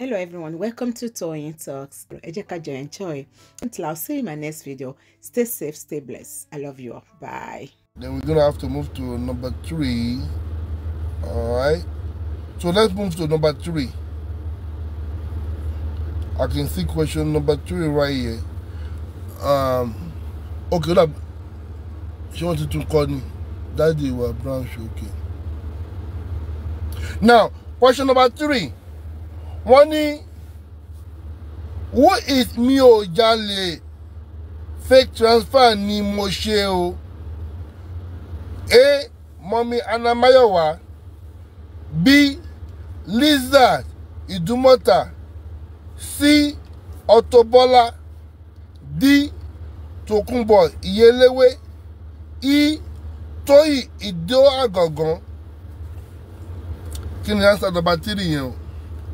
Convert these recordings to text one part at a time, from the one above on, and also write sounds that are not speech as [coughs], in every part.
hello everyone welcome to Toyeen Talks ẹ jẹ́ ká enjoy until i'll see you in my next video stay safe stay blessed i love you all bye then we're gonna have to move to number three all right so let's move to number three i can see question number three right here um okay that she wanted to call me daddy were brown okay now question number three wọ́n ní who is mi ò jalè fake transfer ni mo ṣe o a mọ́mí anamayowa b lizard ìdúmọ̀tà c ọ̀tọ̀bọ́lá d tòkunbọ̀ ìyẹléwé e tóyì ìdó àgọ̀gàn kí ni answer number three yẹn o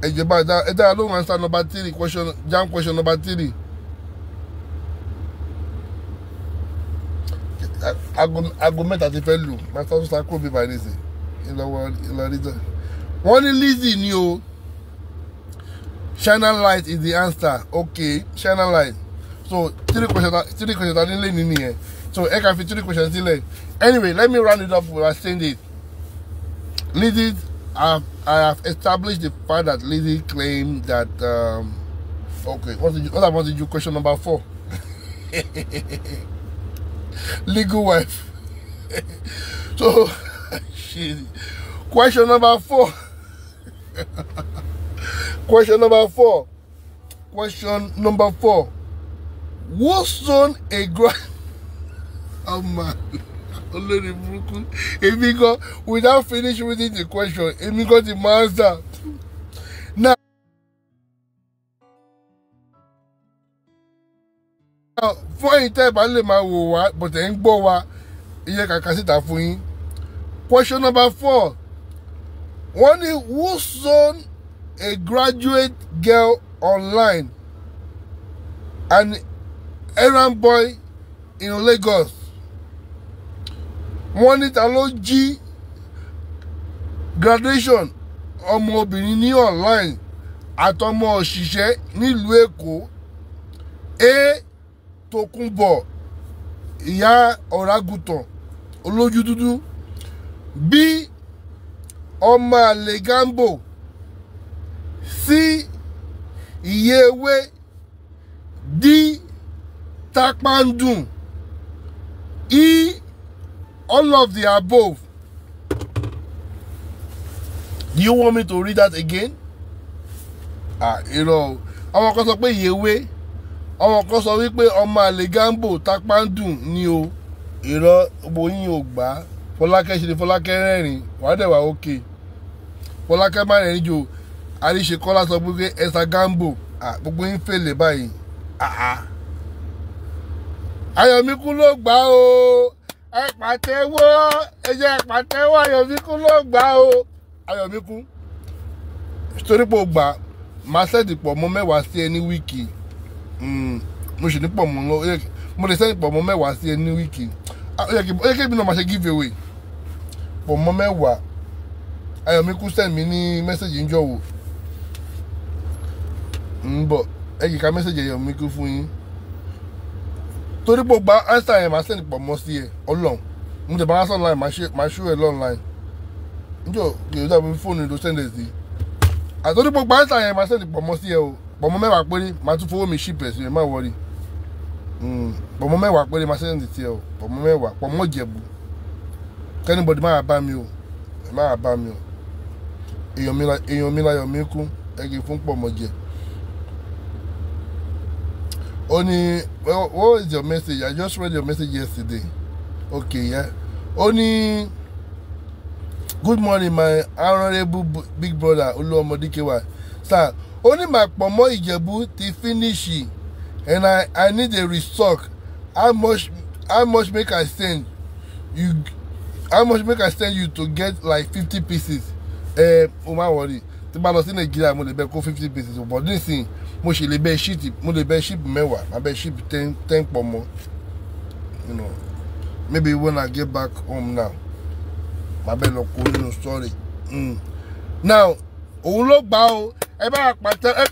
ẹ jẹ́ bá ẹ dára lóhùn answer number three question jam question number three. aago mẹ́ta ti fẹ́ lù master sosa kúrò bíbá ẹni sè ìlọ́wọ́ ìlọ́rìjà wọ́n ní Lizzy ni o China light is the answer okay China light so three questions three questions are nílé nínú yẹn so ẹ kàn fi three questions sílẹ̀ anyway let me round it up with our saying it Lizzy I have, I have established the fact that Lizzie claimed that. Um, okay, what did you, what about did you question number four? [laughs] Legal wife. [laughs] so, [laughs] she, question number four. question number four. Question number four. Who on a grand. oh man olórí burúkú èmi gan without finish reading the question èmi gan ti máa Now, sà. fún ẹ̀yin tẹ́ ẹ bá lè máa wò wá bọ̀tẹ̀ ń gbọ́ wa iye kàkà síta fún yín. Question number four wọ́n ní who sold a graduate girl online and errand boy in Lagos wọ́n níta ló jí graduation ọmọbìnrin ní online àtọmọ òṣìṣẹ́ nílùú èkó a tokunbo ìyá ọ̀ràgùtàn olójú dúdú b ọmọ àlè gambo c ìyéwé d tápándùn e all of the above. Do You want me to read that again? Ah, you know, àwọn kan sọ pé yèwé àwọn kan sọ wípé ọmọ àlè gambo tapandun ni o ìrọ bóyin ò gbà fọlákẹ́ ṣe ni fọlákẹ́ rẹ́rìn wàdẹ̀wà òkè fọlákẹ́ má rẹ̀ níjò àríṣekọ́lá sọ pé ẹ̀sà gambo ah, gbogbo yín fèlè báyìí àá ah, ah. ayọ̀míkú ló gbà o ẹ pàtẹ́wọ́ ẹ jẹ́ pàtẹ́wọ́ Ayọ̀míkú ló gbà o Ayọ̀míkú torí pé o gbà máa sẹ́ẹ̀dì pọ̀ mọ́ mẹ́wàá sí ẹ ní wíìkì hmm, mo sì ní pọ̀ mọ́ mo lè sẹ́ẹ̀dì pọ̀ mọ́ mẹ́wàá sí ẹ ní wíìkì ah, ó yẹ kí èmi náà máa ṣe give away pọ̀ mọ́ mẹ́wàá Ayọ̀míkú send mi ní mẹ́sẹ̀gì ń jọ̀wọ́ ń bọ̀ ẹ yìí ká mẹ́sẹ̀gì Ayọ̀míkú fún yín torí pé gba einstein yẹn máa sẹ́ni pọ̀ mọ́ sí ẹ ọlọ́run mo tẹ̀ bá wá sọ́n online máa ṣó ẹ lọ́nline níjọ kìí dàbí fóònù ló sẹ́ndẹ̀ sí àtọ́rí pé gba einstein yẹn máa sẹ́ni pọ̀ mọ́ sí ẹ o pọ̀ mọ́ mẹ́wàá péré máa tún fowó mi ṣì pẹ̀ sí ẹ má wọrí hmm, pọ̀ mọ́ mẹ́wàá péré máa sẹ́ni sí ẹ o pọ̀ mọ́ mẹ́wàá pọ̀ mọ́ jẹ̀bù kẹ́nìbọ̀dì máa bá mi o máa bá mi o èèyàn mi láyọ̀ mi kú ẹ̀gì fún pọ̀ mọ́ jẹ̀bù ó ní well, what is your message I just read your message yesterday okay yeah ó ní good morning my honourable big brother olúọmọdékewà sir ó ní my pọ̀mọ́ ìjẹ̀bú ti finish and I I need a restock how much how much make I send you how much make I send you to get like fifty pieces ẹ eh, o má worry. tí bá lọ sí nàìjíríà mo lè bẹ kó fifty pieces but nísìnyí mo ṣe lè bẹ ṣíìtì mo lè bẹ ṣíìpù mẹ́wàá má bẹ ṣíìpù ten pọ̀ mọ́ you know maybe when I get back home now má bẹ lọ kó nínú sọ́ọ̀rì hmm. now òun ló gbà ó ẹ bá ẹ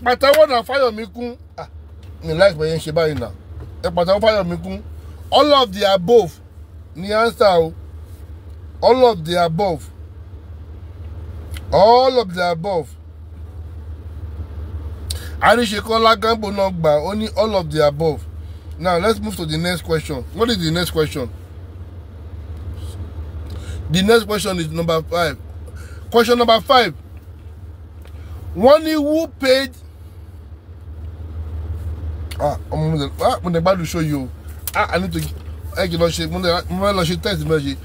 pàtẹ́wọ́ náà Fáyọ̀mí kún ah, mi láìpẹ́ bẹ́ẹ̀ yẹn ṣe báyìí náà ẹ pàtẹ́wọ́ Fáyọ̀mí kún all of the above ni answer o all of the above all of the above. Arishekola Gambo Nogba, only all of the above. Now let's move to the next question. What is the next question? The next question is number five. Question number five. Wọ́n ní who paid ah ọmọ mo dẹ̀ ah, mo dẹ̀ gbádùn show yìí o ah I need to ẹ kì lọ ṣe mo dẹ̀ mo fẹ́ lọ ṣe test mo ṣe.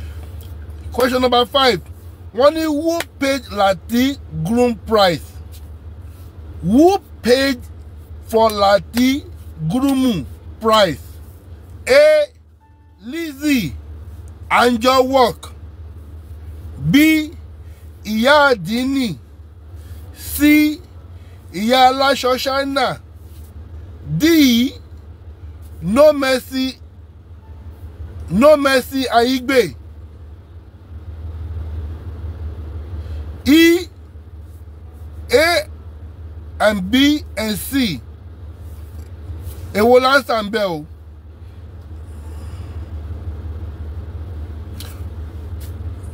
Question number five. Wọ́n ní who paid Lati groom price? Who for Lati Gurumu Price. A. Lizzie Anjo work. B. Ìyá Àdínì. C. Ìyá Aláṣọ Ṣáínà. D. No Mercy No Mercy Aigbe. E. A and B and C. it will ń bẹ o.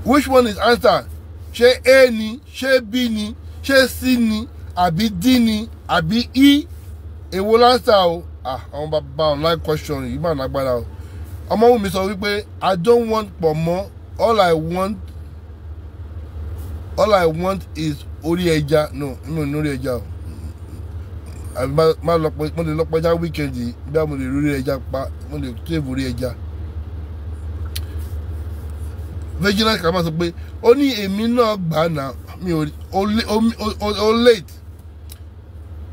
Which one is answer? She A ni? Ṣé B ni? Ṣé C ni? Àbí D ni? Àbí E? Èwo lánsà o. Ah, àwọn bàbá online question yìí máa lágbára o. Ọmọwùmí sọ wípé I don't want more. all I want all I want is orí ẹja no mi ò ní orí ẹja o má lọ pẹ mo lè lọ pẹja wíkẹ́ndì bí mo lè rí ẹja pa mo lè tẹ́ẹ̀bù rí ẹja. virginia kan máa sọ pé ó ní èmi náà gbà náà mi ò late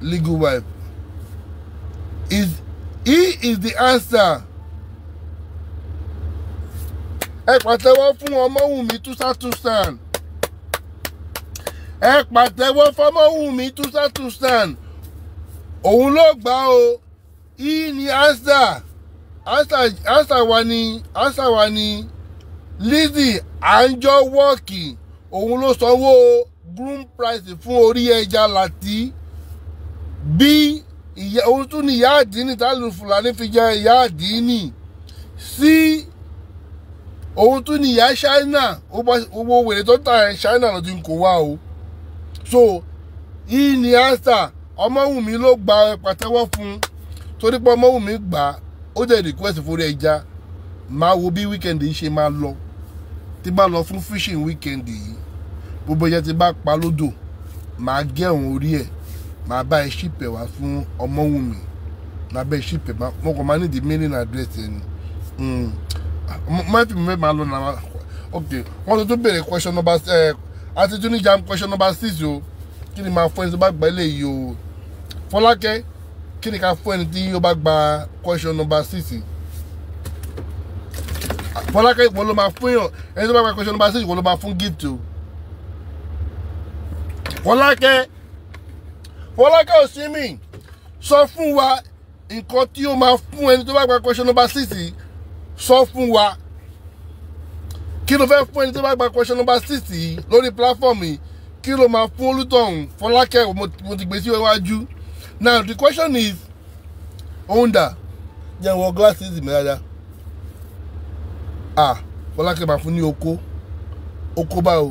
legal wife is he is the answer. ẹ pàtẹ́wọ́ fún Ọmọ́wùmí túsátúsán ẹ pàtẹ́wọ́ fọmọ́wùmí túsátúsán òun ló gbà o i ní answer answer answer wa ni answer wa ni Lizzy Anjowoki òun ló sanwó groom price fún orí ẹja láti bí ìyá òun tún ní ìyá àdínì tálù fúlàní fi jẹ ìyá àdínì sí òun tún ní ìyá ṣáínà owó wèrè tó ta ṣáínà ló ti wá o so yìí ni answer ọmọwùmí ló gba pàtẹ́wọ́ fún un torí pé ọmọwùmí gbà á ó jẹ́ request forí ẹja máa wo bí weekend yìí ṣe máa lọ tí bá lọ fún fishing weekend yìí gbogbo ẹja tí bá pa lódò máa gé ọ̀hún orí ẹ̀ máa bá ẹ ṣìpẹ̀ wá fún ọmọwùmí máa bá ẹ ṣìpẹ̀ mo kàn máa ní the mailing address ẹni mọ́tì hmm. mi fẹ́ máa lọ náà ok wọ́n tuntun béèrè question number ẹ̀ àti tún ní jam question number six o. Oh kí ni máa fún ẹni tó bá gba eléyìí o Fọlákẹ́ kí ni ká fún ẹni tí ó bá gba question number six Fọlákẹ́ ìwọ ló máa fún yàn ẹni tó bá gba question number six ìwọ ló máa fún gift o Fọlákẹ́ Fọlákẹ́ Òsínmi sọ fún wa nǹkan tí ó máa fún ẹni tó bá gba question number six sọ fún wa kí ló fẹ́ fún ẹni tó bá gba question number six lórí platform yìí kí ló máa fún olùtọ̀hún fọlákẹ́ mo ti gbé sí iwájú now the question is òun dà jẹ́ wọ glasses mi dáadáa ah fọlákẹ́ máa fún ní oko oko báwo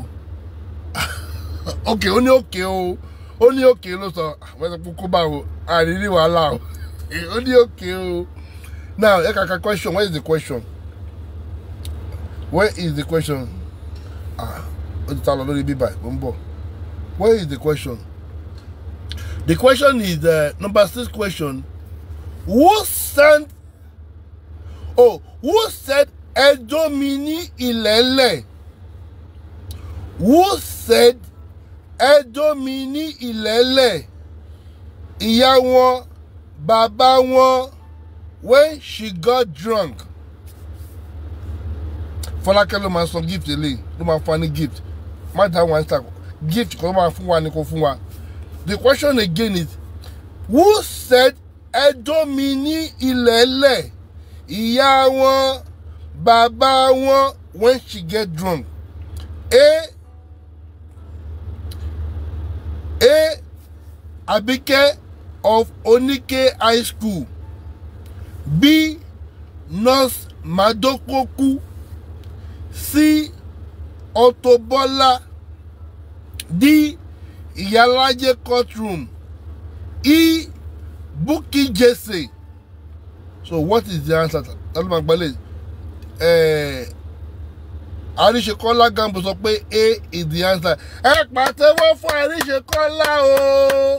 [laughs] ok ó ní òkè o ó ní òkè ló sọ àwọn ẹ̀sìn kókó báwo àrírí wàhálà o [laughs] ó ní òkè o now ẹ kàkà question where is the question where is the question ah ó ti ta lọ lórí bíbá ẹ̀ ó ń bọ̀. Where is the question? The question is the uh, number six question. Who sent? Oh, who said Edomini Ilele? Who said Edomini Ilele? Iyawo, wọn, when she got drunk. Fọlákẹ́ ló máa sọ gift eléyìí No máa funny gift. Má dá one stack gift kò máa fún wa ni kò fún wa the question again is who said ẹjọ́ mi ní ilẹ̀ ẹlẹ̀ ìyá wọn bàbá wọn when she get drunk a a Abike of Onike High School b nurse Madokoku. c Auto D. Iyalaje courtroom. E. Bukky Jesse. So what is the answer? Tàbí máa gbalẹ̀ Àríṣekọ́lá eh, Gambo sọ pé A is the answer. Ẹ pàtẹ́wọ́ fún Àríṣekọ́lá o.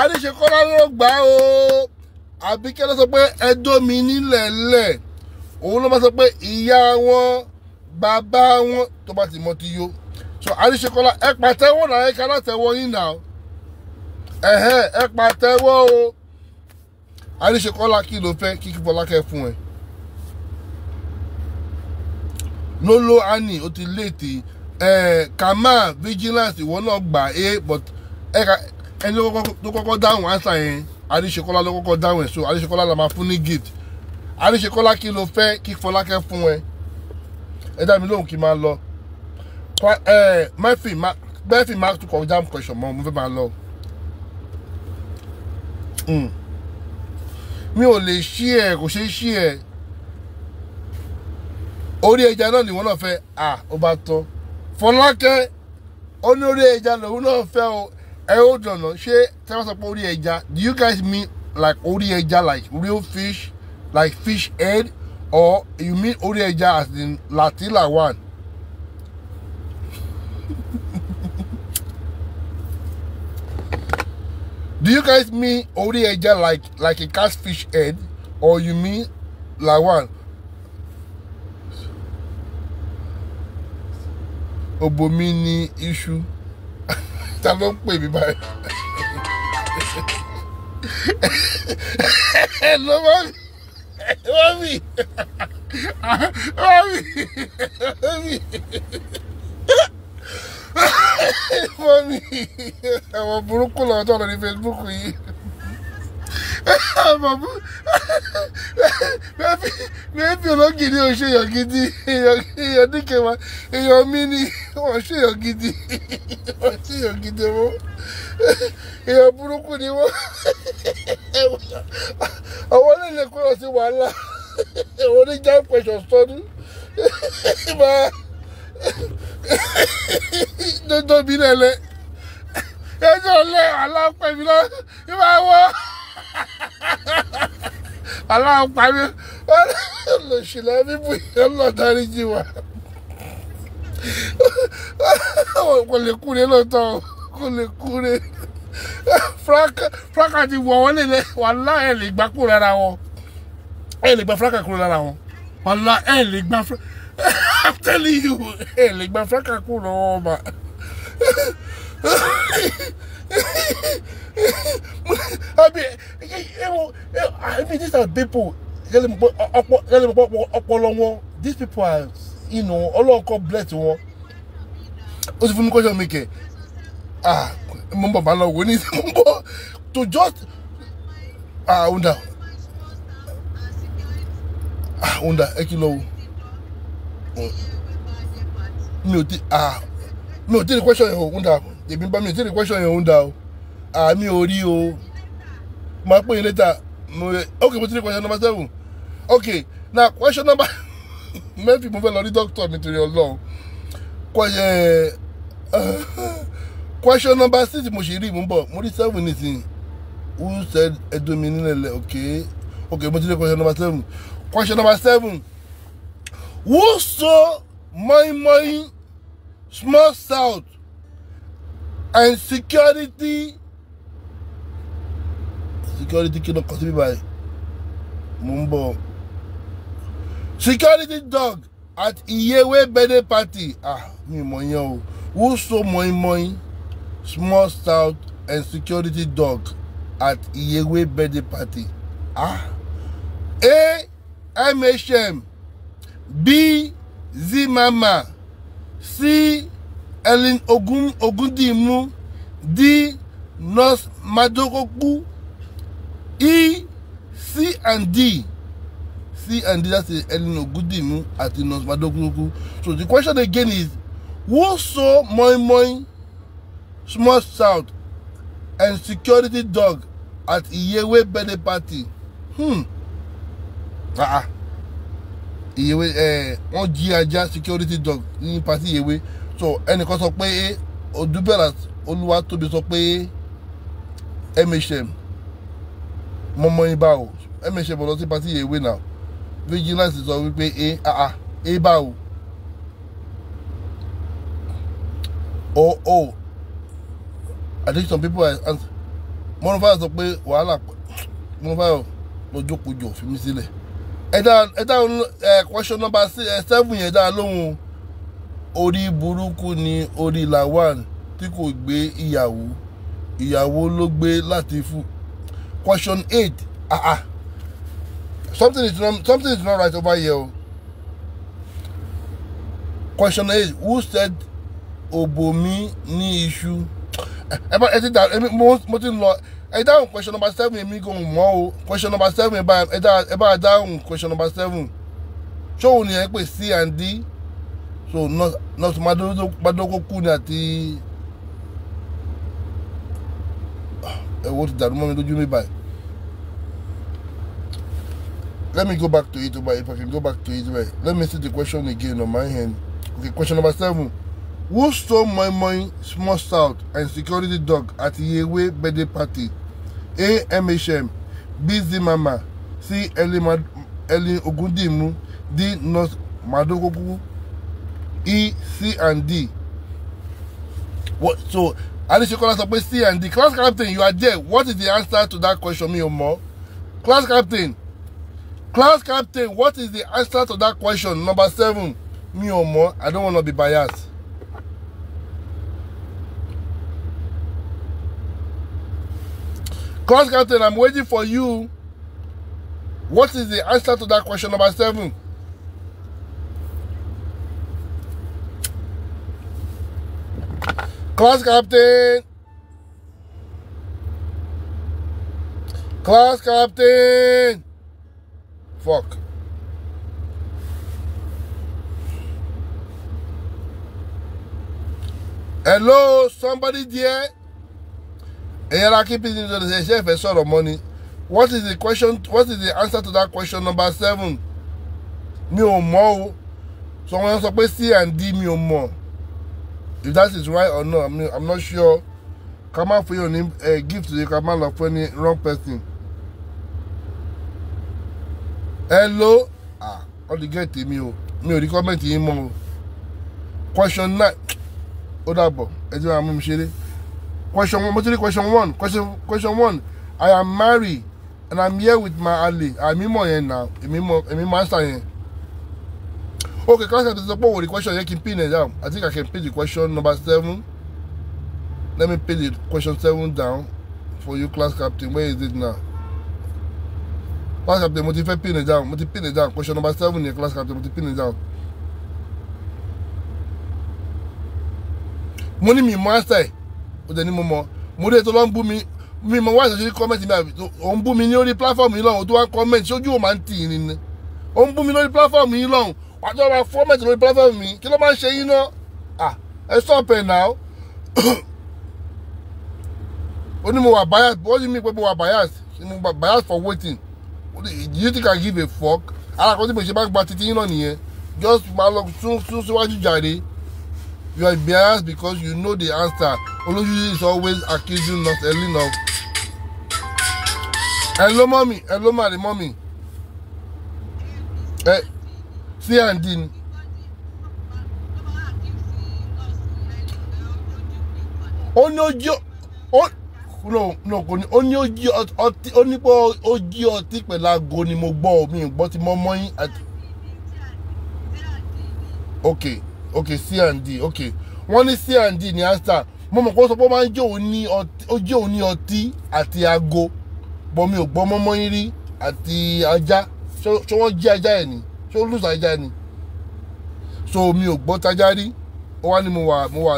Àríṣekọ́lá ló gbà o. Àbíkẹ́ ló sọ pé ẹjọ́ mi nílẹ̀ lẹ̀. Òun ló máa sọ pé ìyá wọn bàbá wọn tó bá ti mọ ti yó so àríṣekọ́lá ẹ pàtẹ́wọ́ náà ẹ kálá tẹ́wọ́ yín náà ẹ̀hẹ́ ẹ pàtẹ́wọ́ o àríṣekọ́lá kí ló fẹ́ kí kíkọ́lá kẹ́ fún ẹ. lolo ani o ti léètè ẹ kàmá vigilance ìwọ náà gbà é but ẹ ka ẹni tó kọ́kọ́ dáhùn ansa yẹn àríṣekọ́lá ló kọ́kọ́ dáhùn ẹ̀ so àríṣekọ́lá la máa fún ní gift àríṣekọ́lá kí ló fẹ́ kí fọlákẹ́ fún ẹ ẹ dá mi lóhùn kí n máa lọ. Eh, Murphy Murphy mark to kọ jam question mọ́ Move fẹ́ máa lọ. Hmm. mi ò lè ṣí ẹ kò ṣeé ṣí ẹ orí ẹja náà nìwọ́n náà obato. For ó bá tọ́ Fọlákẹ́ ó ní orí ẹja lòun náà fẹ́ o ẹ ó dọ̀nà ṣé tẹ́ bá sọ pé orí do you guys mean like orí ẹja like real fish like fish head or you mean orí ẹja as the latila one Do you guys mean ori eja like like a catfish head, or you mean lawan? Obomi ni iṣu. Ta ló ń pè mí báyìí? Hello, mommy. Mommy. Mommy. Mommy. [laughs] mọ́mí àwọn burúkú lọ́wọ́ tó lọ ní Facebook yìí àmọ̀bú mẹ́fì ológìní ò ṣe èèyàn gidi èèyàn níkẹwàá èèyàn mi ni wọ́n ṣe èèyàn gidi wọ́n ṣe èèyàn gidi wọ́n èèyàn burúkú ni wọ́n àwọn olóòlè kúrò sí wàhálà àwọn oníjà pẹ̀sọ̀ sọ́dún máa tóbi lẹ́lẹ́ ẹjọ́ lẹ́ aláǹpẹ̀ mi lọ ní máa wọ́ aláǹpẹ̀ mi olùsìlẹ̀ bíbú yẹn lọ dárí jì wá kò lè kúre lóòótọ́ kò lè kúre franka ti wọ̀ wọ́n lè lẹ́ wàhálà ẹ̀ lè gbà kúrò lára wọn ẹ̀ lè gbà franka kúrò lára wọn wàhálà ẹ̀ lè gbà franka. I'm telling you, ẹ like my fákà kú lọ́wọ́ ọba. I mean, I mean, these are people. these people are, you know, all bless wọn. Ó ti fún mi kọ́ṣọ́ mi kẹ̀. Ah, mo ń bọ̀ bá lọ to just. Ah, ọ̀dà. Ah, ọ̀dà, ẹ kí mi ò ti ah mi ò ti rí question yẹn òun dà èmi bá mi ò ti rí question yẹn òun dà o ah mi ò rí o máa pè yín later mo ok mo ti rí question number seven ok na question number [laughs] mẹ́fì mo fẹ́ lọ rí doctor nítorí ọlọ́run eh, [laughs] question number six mo ṣe rí mo ń bọ̀ mo rí seven nísìnyí who said ẹdùn mi nílẹ̀ ok ok mo ti rí question number seven question number seven. Whoso my money, smashed out and security, security kí ló kọ síbí báyìí, Security dog at Iyewe birthday party, ah mi mọ̀ yẹn o, whoso my money, small south and security dog at Iyewe birthday party, ah, A MHM. B. Zimama C. Ellen Ogun Ogundimu D. Nos Madokoku E. C and D C and D that's the Ellen Ogundimu at Nos Nurse Madokoku so the question again is who saw Moi Moi small south and security dog at Iyewe birthday party hmm ah uh -uh ìyèwé ẹ eh, wọ́n jí ajá security dog ní pati ìyèwé so ẹnìkan sọ pé odúbẹ̀rà olúwatóbi sọ pé mhm mọmọ ibà o mhm ọ̀dọ́ sí pati ìyèwé náà vigilance sọ wípé eh, aa ah, ah, ibà o oh oh i think some people are mọ́nufáyà sọ pé wàhálà mọ́nufáyà lọ́jọ́ kojọ́ fi mí sílẹ̀ ẹ dáhùn question number seven yẹn dá lóhùn orí burúkú ni orí Lawan tí kò gbé ìyàwó ìyàwó ló gbé Latifu question eight ah ah something is not something is not right over here question eight who said Obomi ní iṣu ẹ bá ẹ ti dà mo ti ń lọ ẹ dáhùn question number seven èmi kò mọ̀ o question number seven ẹ bá dáhùn question number seven ṣóun ni ẹ pè c and d so nọọsì madogo kú ni àti [sighs] ẹwọ ti dàrú mọ́ mi lójú mi báyìí let me go back to it if i can go back to it right let me see the question again on my hand okay question number seven who stole my money small south and security dog at yewe birthday party AMHM, BZ Mama, C. Elin Ogundimu, D. North Madokoku, E. C and D. What, so, Adesekola sọ pé C and D. Class captain, you are there. What is the answer to that question, mi ò mọ̀? Class captain, class captain, what is the answer to that question? Number seven, mi ò mọ̀. I don't want to be biased. Cross Captain, I'm waiting for you. What is the answer to that question number seven? Class Captain. Class Captain. Fuck. Hello, somebody there? ẹ̀yin ará kí pdp tó ṣe a sort of money. what is the question what is the answer to that question number seven mi ò mọ̀ o sọ wọn sọ pé and deem mi ò mọ̀ if that is right or not I mean, i'm not sure ká má fún yóò ní gift yìí ká má lọ fún wrong person hello ah wọ́n the gẹ́ẹ̀tì mi o mi ò rí kọ́mẹ̀ntì yín mọ́ question nine ó dàbọ̀ ẹ jẹ́ wàá mú Question one, mostly question one. Question question one. I am married and I'm here with my Ali. I'm in my end now. I'm in I'm in master end. Okay, class at the support with the question. I can pin it down. I think I can pin the question number seven. Let me pin the question seven down for you, class captain. Where is it now? Class captain, mo ti fẹ́ pin it down. Mo ti pin it down. Question number seven here, class captain. Mo ti pin it down. Mo ní mi master ẹ̀ ó dẹ̀ ní mo mọ̀ mo dé tó lọ ń bú mi mi mọ wáyé sọ́jú kọ́mẹ́ntì mi àbí ò ń bú mi ní orí pláfọ́ọ̀mù yìí lọ́hùn tó wá kọ́mẹ́ntì sójú ò máa ń tì í ni ò ń bú mi lórí pláfọ́ọ̀mù yìí lọ́hùn wájú ọba fọ́mẹ́ntì lórí pláfọ́ọ̀mù mi kí ló máa ń ṣe yín náà à ẹ sọ̀pẹ̀ náà [coughs] ó ní mo wà bias ó ní mi pé mo wà bias mo wà bias for waiting do you think I give a fuck alákọ̀ọ́ tí mo ṣe bá gba titi yín náà nìyẹn just máa lọ sún síwájú jàre You are embarrassed because you know the answer. Olójújú is always accusing not early enough. Hello, mommy. Hello, my mommy. Hey, eh, see and din. Ó ní oh no no kò ní ó ní ojú ọtí ó ní pé ni mo gbọ́ me, but ti money. mọ́yìn Okay ok c&d ok wọ́n ní c&d ní answer mo mọ̀ kó sọ pé ó máa ń jẹ́ òun ní ọtí àti aago bọ́ mi ò gbọ́ mọ́mọ́ yín rí àti ajá ṣé wọ́n jí ajá ẹ̀ ni ṣé ó lùsọ ajá ni so mi ò gbọ́ tajá rí ó wá ní mo wà mo wà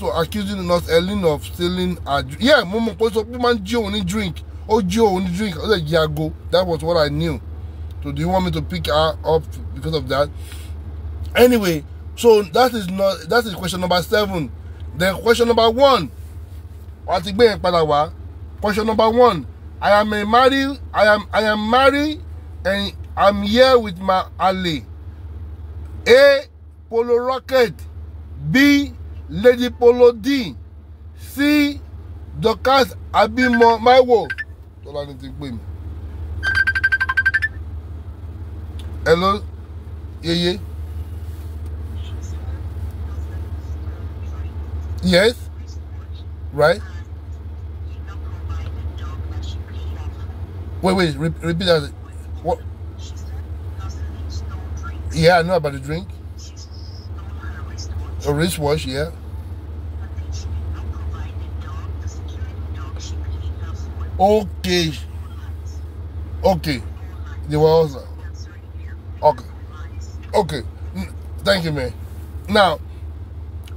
so accusing nurse Ellen of stealing her drink yeah mo mọ̀ pé sọ pé máa ń jí òun drink ó jí òun drink ó sì jí aago that was what I knew so do you want me to pick her up because of that anyway so that is not that is question number seven then question number one wọ́n ti gbé yẹn padà wá question number one I am a married I am I am married and I'm here with my ally A Polo Rocket B Lady Polo D C Dorcas Abimo Maiwo tọ́lá ni ti pè mí hello yeye. Yeah, yeah. Yes. Right? Wait, wait, re repeat that. What? Yeah, I know about the drink. A wristwatch, yeah. Okay. Okay. They were also. Okay. Okay. Thank you, man. Now,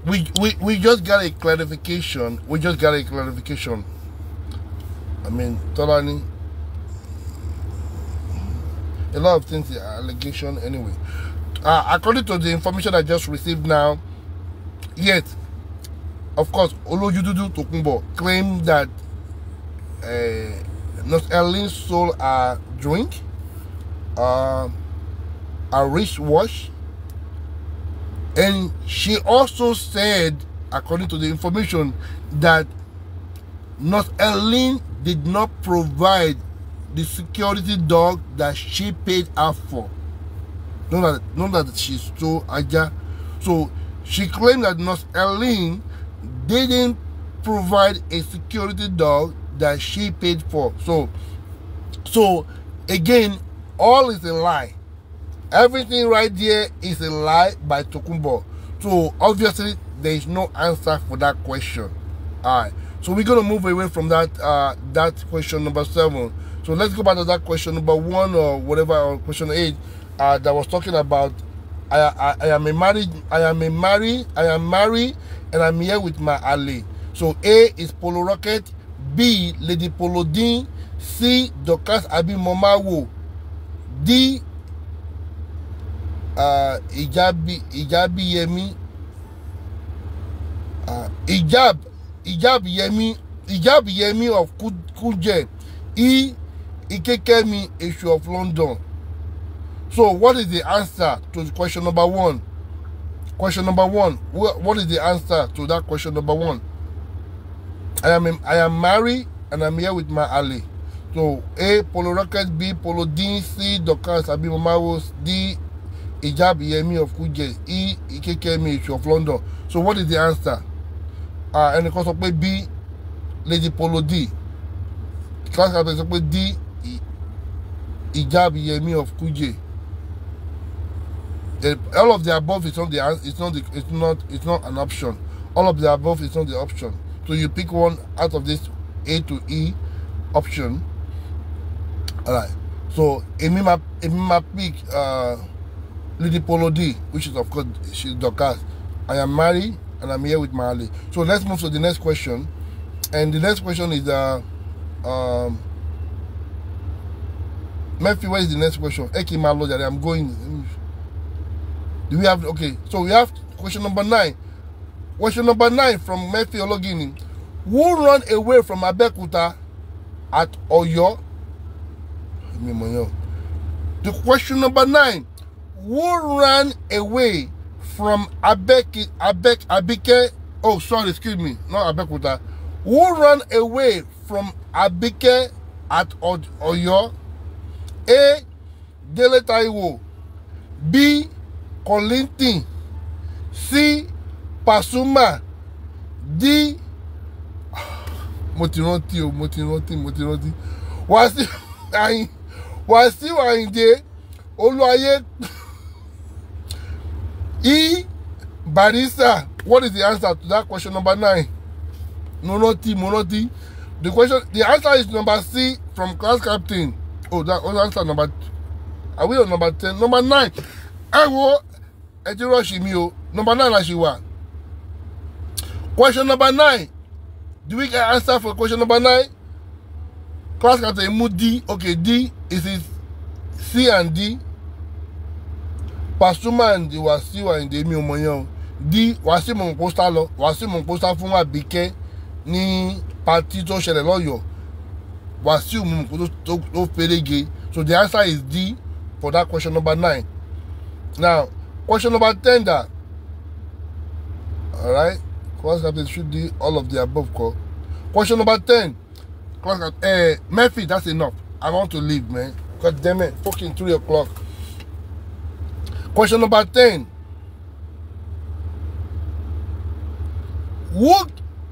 we, we we just got a clarification. We just got a clarification. I mean, totally, a lot of things are uh, allegation anyway. Uh, according to the information I just received now, yet, of course, Olojududu Tokumbo claimed that uh, not Ellen's soul a drink, uh, a wristwatch, and she also said, according to the information, that North Ellen did not provide the security dog that she paid her for. Not that, not that she stole Aja. So she claimed that North Ellen didn't provide a security dog that she paid for. So, so again, all is a lie. Everything right there is a lie by Tokumbo. So obviously there is no answer for that question. Alright. So we're gonna move away from that uh, that question number seven. So let's go back to that question number one or whatever or question eight uh, that was talking about I, I, I am a married I am a married I am married and I'm here with my ally. So A is Polo Rocket, B Lady Polo Dean, C Docas Abi Momawo, D Uh, ìjábí yẹmí ìjáb uh, ìjáb yẹmí ìjáb yẹmí of kújẹ e ikekemi issue of London so what is the answer to question number one question number one what is the answer to that question number one I am I am married and I'm here with my ally. So A Polo Rocket, B Polo Dean, C Dorcas Abimomawo, D Ijabi Yemi of Kuje, E Ikekemich of London. So what is the answer? Uh, and the sọ pé B Lady Polo D. Class captain sọ pé D Ijabi Yemi of Kuje. All of the above is not the it's not the, it's not it's not an option. All of the above is not the option. So you pick one out of this A to E option. All right. So èmi máa èmi máa pick uh, Lady Polo D, which is of course she's Dorcas. I am married and I'm here with Marley. So let's move to the next question. And the next question is uh um Murphy, where is the next question? Eki Malo I'm going. Do we have okay? So we have question number nine. Question number nine from Murphy Ologini. Who run away from Abekuta at Oyo? The question number nine who ran away from Abek, Abek, Abike, oh, sorry, excuse me, not Abekuta, who ran away from Abike at Oyo? A. Dele Taiwo, B. Kolinti. C. Pasuma, D. [sighs] Mo ti rántí o, mo ti rántí, mo ti rántí. Wàsíù Àyìndé, Olúwayé. E. barista. what is the answer to that question number nine? Nuroti, Muroti. The question, the answer is number C from class captain. Oh, that was answer number. Are we on number ten? Number nine. Ẹ wo ẹjẹ Number nine la ṣe Question number nine. Do we get answer for question number nine? Class captain mu D. Okay, D is it C and D. Pasuma and Wasiu Àyìndé mi ò mọ̀ yẹn o di Wasiu mọ̀ kó sá lọ Wasiu mọ̀ kó sá fún Àbíkẹ́ ní pati tó ṣẹlẹ̀ lọ́yọ̀ọ́ Wasiu mọ̀ kó tó ferege so the answer is D for that question number nine now question number ten da alright class captain should be all of the above call question number ten class captain eh Murphy that's enough I want to leave man god damn it fucking three o'clock. Question number 10. Who,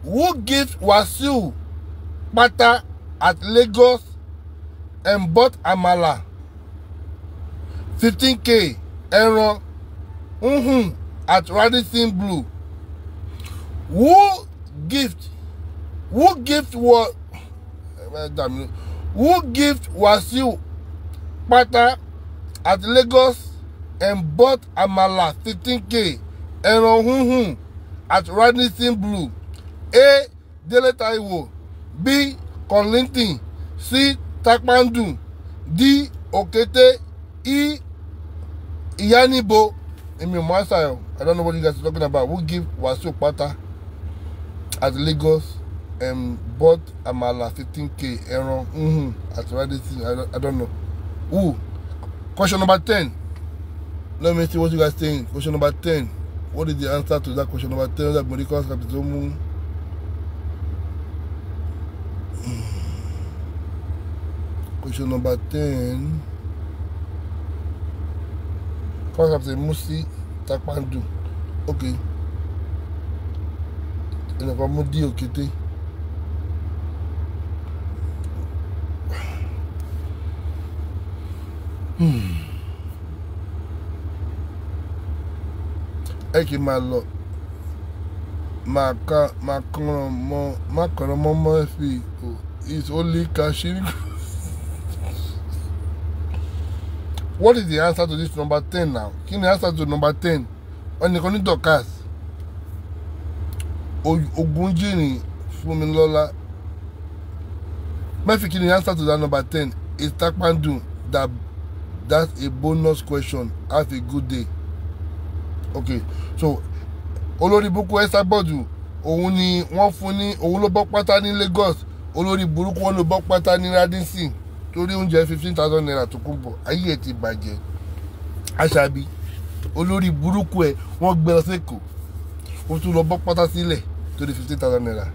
who gives Wasiu Pata at Lagos and bought Amala? 15k error. ẹran nhun at Radisson Blue. Who gift who gift was? who gift was you, Pata at Lagos and bought Amala 15k, ẹran húnhùn at Radisson Blue. A. Dele Taiwo. B. Conlinton. C. Takpandu. D. Okete. E. Iyanibo. Emi Mwasayo. I don't know what you guys are talking about. Who give wasu Pata at Lagos and bought Amala 15k ẹran húnhùn at Radisson? I don't, I don't know. Who? Question number ten. Let me see what you guys think. Question number 10. What is the answer to that question number 10 that medical capitalism? Hmm. Question number 10. Cost capitalism Musi Takpandu. Okay. And ẹnìkan mú dí òkété hmm. ẹ kì í máa lọ máa kọ́ran mọ́ máa kọ́ran mọ́ murphy oh, is only kashiri. [laughs] what is the answer to this number ten now kí ni answer to number ten ọ̀nìkan ní dorcas ogunjìnrín fúnmilọ́lá mẹ́fì kí ni answer to that number ten is takpandu that that's a bonus question have a good day ok so olórí burúkú Esther Gbọ̀dù òun ni wọ́n fún ní òun ló bọ́ pátá ní Lagos olórí burúkú wọn ló bọ́ pátá ní Radisson torí oúnjẹ fifteen thousand naira tó kú bọ̀ ayé ẹ̀ ti bàjẹ́ aṣáábí olórí burúkú ẹ̀ wọ́n gbé lọ sẹ́kọ̀ọ́ ó tún lọ bọ́ pátá sílẹ̀ torí fifteen thousand naira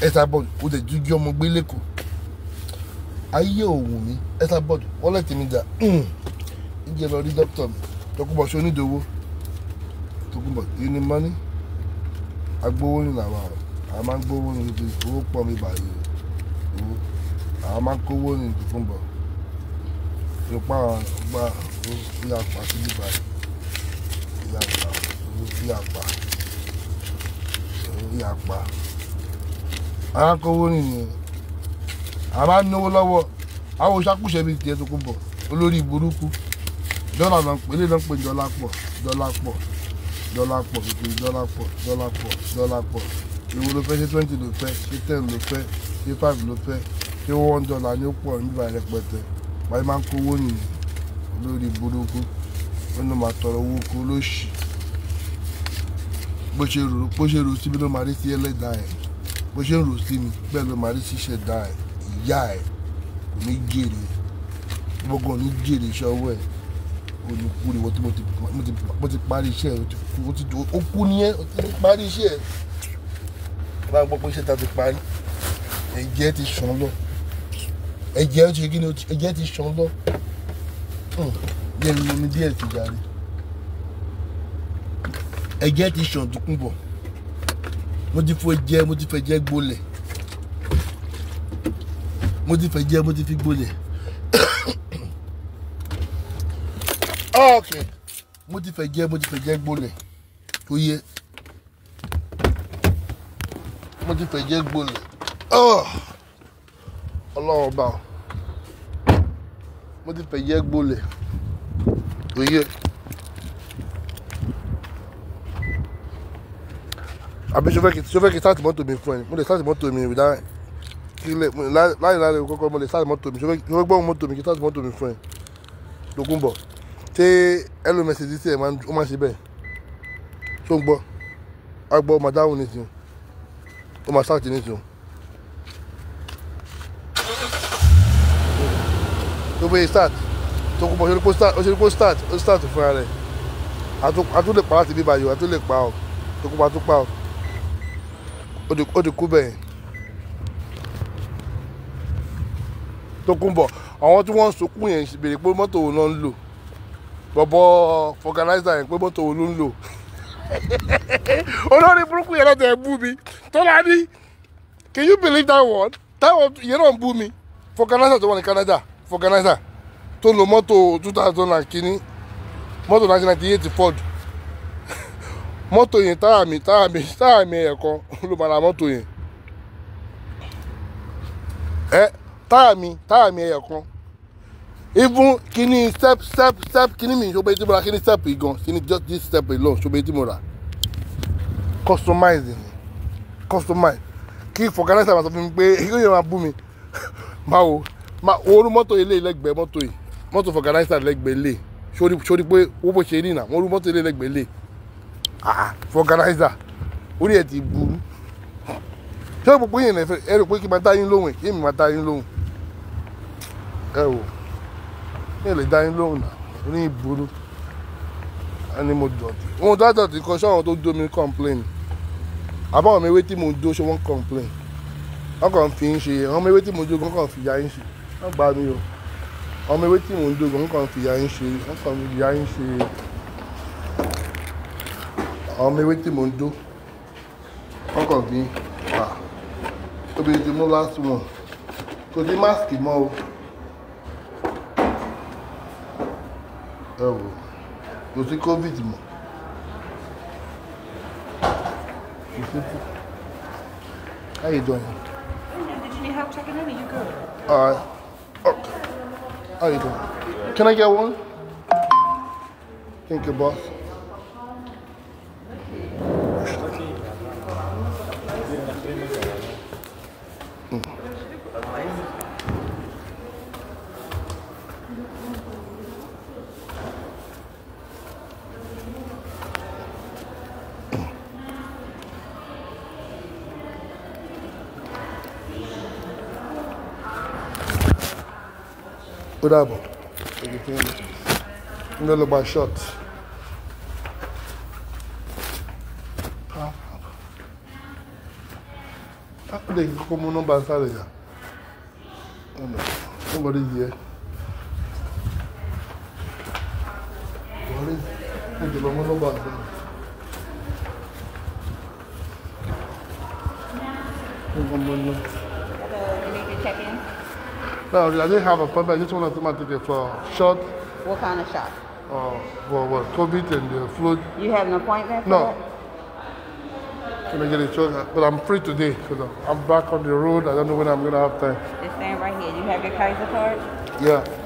Esther Gbọ̀dù ó tẹ̀ jújú ọmọ gbé lẹ́kọ̀ọ́ ayé òwò mi Esther Gbọ̀dù wọ́lẹ̀ tèmi dà ń hmm, jẹ́ lọ rí dókítà mi tọkùbọ̀ṣọ́ onídòwò talking about any money agbowó ni làwa a máa ń gbowó ni ibi owó pọ̀ mi báyìí owó a máa ń kówó ni talking about nípa gba owó bí apá sí bí báyìí bí apá owó bí apá owó bí apá a máa ń kówó ni ni a máa ń náwó lọ́wọ́ àwọn oṣàkùṣe bíi tiẹ̀ talking about olórí burúkú dọ́là náà pèlè náà pè jọlá pọ̀ jọlá pọ̀ dọ́là pọ̀ gbogbo dọ́là pọ̀ dọ́là pọ̀ dọ́là pọ̀ ìwo ló fẹ́ ṣé twenty ló fẹ́ ṣé ten ló fẹ́ ṣé five ló fẹ́ ṣé one dollar ni ó pọ̀ nígbà rẹpẹtẹ báyìí máa ń kówó nìyẹn olórí burúkú wọn ló máa tọrọ owó kó lóṣì bó ṣe rò bó ṣe rò sí mi ló máa rí sí ẹlẹ́dàá ẹ̀ bó ṣe rò sí mi bẹ́ẹ̀ ló máa rí sí ṣẹ̀dá ẹ̀ ìyá ẹ̀ kò ní jèrè gbogbo ní jèrè iṣẹ́ ẹ̀ olùkúri wọ́n tí mo ti parí iṣẹ́ ó kú nìyẹn ó ti parí iṣẹ́ ẹ̀ bá gbọ́ pé iṣẹ́ ta ti parí ẹ̀jẹ̀ ti sàn lọ ẹ̀jẹ̀ ti kí ni ẹ̀jẹ̀ ti sàn lọ yẹ́n hmm, lómi díẹ̀ ti jáde ẹ̀jẹ̀ ti sàn dúkùn bọ̀ mo ti fọ ẹ̀jẹ̀ mo ti fẹ̀jẹ̀ gbolẹ̀ mo ti fẹ̀jẹ̀ mo ti fi gbolẹ̀. ok mo ti fẹ́ jẹ́ mo ti fẹ́ jẹ́ gbólẹ̀ tó yẹ mo ti fẹ́ jẹ́ gbólẹ̀ oh. ọlọ́run bá wọn mo ti fẹ́ jẹ́ gbólẹ̀ tó yẹ. àbí sọfẹ́ kì sọfẹ́ kì sáàtì mọ́tò mi fún ẹ mo lè sáàtì mọ́tò mi ìdá kílẹ̀ láyìn láyìn kọ́kọ́ mo lè sáàtì mọ́tò mi sọfẹ́ gbọ́n mọ́tò mi kì sáàtì mọ́tò mi fún ẹ lógún bọ̀ ṣé hello message tí ẹ máa ń ṣe bẹ́ẹ̀ tó ń gbọ́ a gbọ́ ọmọ dáhùn nísìnyí ó máa ṣáàtì nísìnyí. tó bẹ́ẹ̀ start tó kó bọ́ ṣe kó start ó start fúnra rẹ̀ a tún lè pa láti bíbá yìí a tún lè pa ọ tó kó pa tó pa ọ ó ti kú bẹ́ẹ̀ tó kún bọ̀ àwọn tí wọ́n ń sunkún yẹn béèrè pé mọ́tò wo ló ń lò bọ̀bọ̀ fọgànáìsà yẹn pé mọ́tò wo ló ń lò olórí burúkú yẹn náà tẹ̀ bú mi tọ́lá ní can you believe that one táwọn yẹn náà bú mi fọgànáìsà tó wà ní Canada fọgànáìsà tó lo mọ́tò two thousand and kínní mọ́tò nineteen ninety eight Ford mọ́tò yẹn táyà mi táyà mi táyà mi ẹ̀kan ló máa ra mọ́tò yẹn ẹ táyà mi táyà mi ẹ̀kan even kini step step step kini mi ṣobe tí mo ra kini step yìí gan kini just this step alone ṣobe tí mo ra customize ni customize kí fọkànlẹ́sà máa sọ fún mi pé kí ló yẹ máa bú mi [laughs] máa wo máa orú mọ́tò ilé lẹ́gbẹ̀ẹ́ mọ́tò yìí mọ́tò fọkànlẹ́sà lẹ́gbẹ̀ẹ́ lè sórí sórí pé owó bó ṣe nìyà wọ́n orú mọ́tò ilé lẹ́gbẹ̀ẹ́ lè ah, fọkànlẹ́sà orí ẹ̀ ti burú ṣé gbogbo yìí ẹ rò pé kí n máa dá yín lóhùn kí èmi máa dá yín lóhùn ẹ wò mi ò lè dá lóhùn náà orí ìburú ẹni mo dọ̀tí ohun tó dọ̀tí kan ṣé àwọn tó dó mi complain àbáwọn mi wé tí mo dó ṣé wọ́n complain wọ́n kàn fi ń ṣe àwọn mi wé tí mo dó kàn fi ya yín ṣe wọ́n gbà mí o àwọn mi wé tí mo dó kàn fi ya yín ṣe wọ́n kàn fi ya yín ṣe àwọn mi wé tí mo dó wọ́n kàn fi ah tóbi ti mú last one kò sí máàkì mọ́ o. Oh, wò kò sí covid mọ́ kò how you doing. did you need help checking in or you good. all right okay how you doing can I get one thank you boss. ó dàbọ̀ ń my lọ gba short. Apple ah, yìí kó mú nobody here. Worry, mo jẹ lọmọ nọ́mbà sáré. Nǹkan mọ́ No, I didn't have a problem. I just want to automatic take a shot. What kind of shot? Uh, well, COVID and the flu. You have an appointment? no. Can I get a shot? But I'm free today because I'm back on the road. I don't know when I'm going to have time. Just stand right here. You have your Kaiser card? Yeah.